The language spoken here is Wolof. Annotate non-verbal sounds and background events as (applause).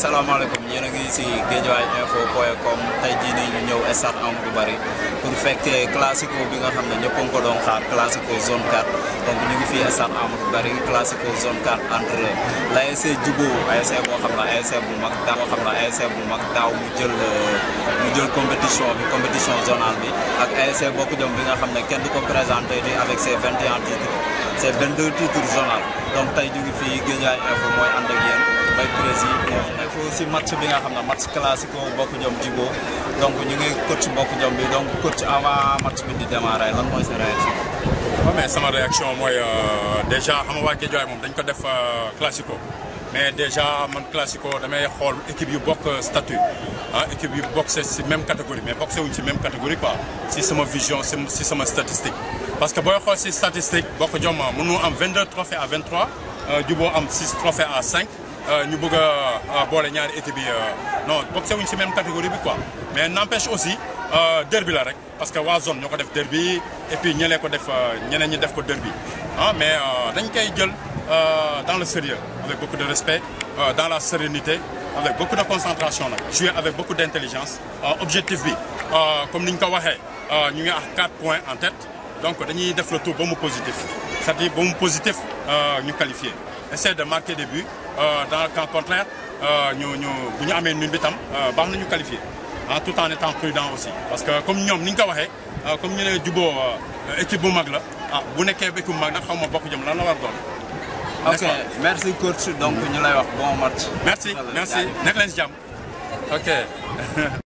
salaamaaleykum yéen a ngi si Guédiawaye info point com tey jii ñu ñëw stade Amadou bari pour fekkee classico bi nga xam ne ñëpp ko doon xaar classico zone 4 donc ñu ngi fii stade Amadou bari classico zone 4 entre l'ASC Djigo ASC boo xam bu mag xam ne ASC bu mag daaw mu jël mu jël compétition bi compétition zonale bi ak ASC Bokk Jom bi nga xam ne kenn du ko présenté di avec ses 21 titres ses 22 titres zonales donc tey ju ngi fii Guédiawaye Mbaye Prési aussi match bi nga xamna match classico bokk jom djibo donc ñu ngi coach bokk jom bi donc coach avant match bi di démarrer lan moy sa réaction. mais sama réaction moy euh, déjà xam nga waa joy mom dañ ko def euh, classico mais déjà man classico damay xol équipe yu bokk euh, statut ah, équipe yu bokk si même catégorie mais bokk wuñ si même catégorie quoi si sama vision si sama statistique. parce que booy xool si statistique bokk jom mënu am 22 trophées à 23 djibo am 6 trophées à 5. Nous euh, avons a boole euh, non même catégorie quoi mais n'empêche aussi euh, derby la parce que nous avons des derby et puis ñelee ko derby ah, mais nous sommes dans le sérieux avec beaucoup de respect dans la sérénité avec beaucoup de concentration jouer avec beaucoup d'intelligence objectif comme nous avons ko nous avons 4 points en tête donc dañuy def le tour positif c'est-à-dire que nous euh, ñu qualifier essaie de marquer des buts euh, dans le camp contraire euh, ñu ñu bu ñu amee ñun bi tam euh, baax nañu ah, tout en étant prudent aussi parce que comme nous ni ñu ko comme ñu ne juboo équipe bu mag la ah bu nekkee équipe bu mag nag xaw bokk jëm lan la war ok merci coach donc ñu lay wax bon match. merci merci nekk leen si ok. (laughs)